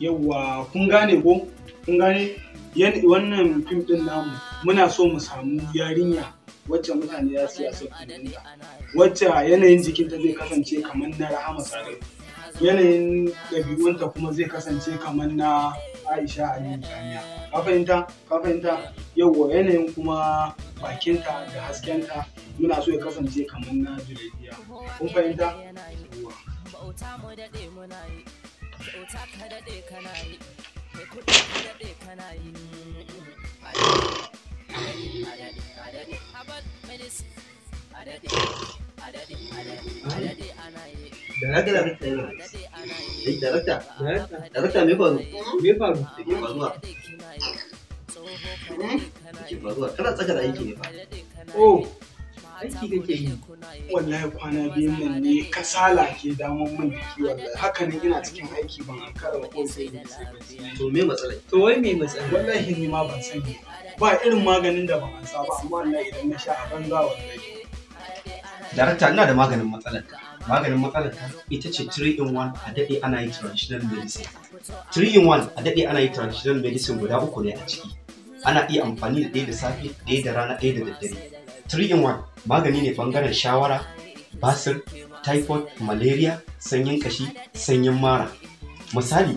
yawwa kun gane ko kun gane wannan fim din namu muna so mu samu yarinya wacce mutane ya siya su wacce yanayin jikinta zai kasance kamar na rahama sarai yanayin ɗabi'unta kuma zai kasance kamar na aisha aliyu jami'a ka fahimta ka fahimta yawwa yanayin kuma bakinta da haskenta muna so ya kasance kamar na jiragiya kun fahimta abota ka daɗe kana yi kai kuɗi ka daɗe kana yi eh, me faru? Me faru? Me faruwa? Me tsaka aiki ne fa. Oh. aiki kake yi eh, wallahi kwana biyun nan ne kasala ke damar min kiwon wallahi haka ne ina cikin eh, aiki ban ankara ba ko sai to me matsala to wai me matsala wallahi ni ma ban sani ba irin maganin da ban ansa ba amma wallahi idan na sha a banza wallahi darakta ina da maganin matsalar ka maganin matsalar ta ita ce 3 in 1 a daɗe ana yi traditional medicine 3 in 1 a daɗe ana yi traditional medicine guda uku ne a ciki ana iya amfani da ɗaya da safe ɗaya da rana ɗaya da daddare 3 in 1 magani ne bangaren shawara basir typhoid malaria sanyin kashi sanyin mara misali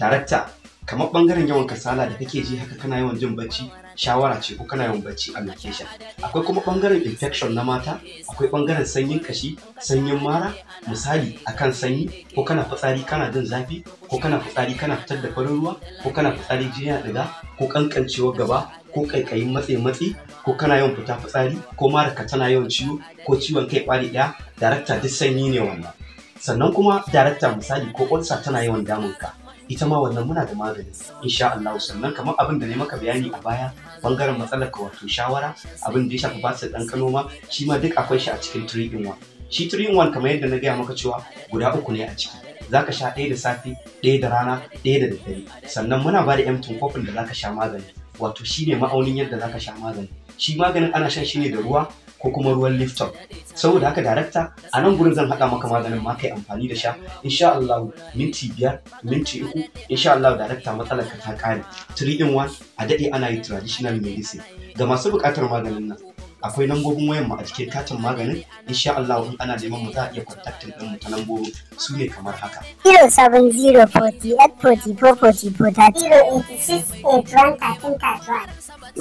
darakta kamar bangaren yawan kasala da kake ji haka kana yawan jin bacci shawara ce ko kana yawan bacci a mekesha, akwai kuma bangaren infection na mata akwai bangaren sanyin kashi sanyin mara misali akan sanyi ko kana fitsari kana jin zafi ko kana fitsari kana fitar da farin ruwa ko kana fitsari jiya daga ko kankancewar gaba ko kaikayin matse matse ko kana yawan fita fitsari ko mara ka tana yawan ciwo ko ciwon kai kwari daya darakta duk sanyi ne wannan sannan kuma darakta misali ko ulcer tana yawan damun ka ita ma wannan muna da magani insha Allah sannan kamar abin da ne maka bayani a baya bangaren matsalar ka wato shawara abin da ya shafi basir dan kano ma shi ma duk akwai shi a cikin 3 in shi 3 in kamar yadda na gaya maka cewa guda uku ne a ciki zaka sha ɗaya da safe ɗaya da rana ɗaya da daddare sannan muna ba da emtin kofin da zaka sha magani wato shi ne ma'aunin yadda zaka sha magani shi maganin ana shan shi ne da ruwa ko kuma ruwan lifton saboda haka darakta a nan gurin zan haɗa maka maganin ma kai amfani da sha insha Allah minti biyar minti uku insha Allah darakta matsalar ka ta ƙare 3 in 1 a daɗe ana yi traditional medicine ga masu buƙatar maganin nan akwai lambobin wayan mu a cikin katin maganin insha Allah in ana neman mu za a iya contacting ɗin mu ta lambobin su ne kamar haka 070484444308681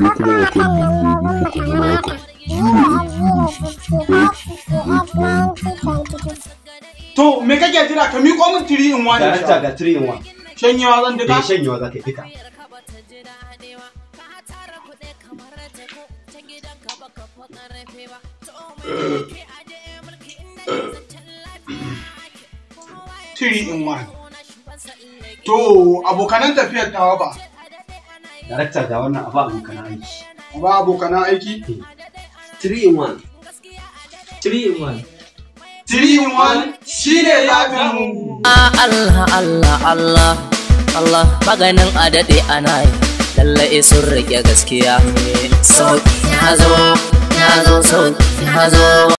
ko kuma akan lambobin mu kamar haka ka miƙo min tiri in wani. Darakta ga tiri in wani. Shanyewa zan duka? Bai eh, shanyewa za ka yi duka. Tiri in wani. To abokanan tafiyar tawa ba. Darakta ga wannan abu abokanan aiki. Abu abokanan aiki? Hmm. Tiri in wani. Tiri in wani. 3-1 shine zaɓinmu. Allah, Allah, Allah, maganin a ana yi, lallai eh, sun rage gaskiya. Sauki na zo, na zo, zo.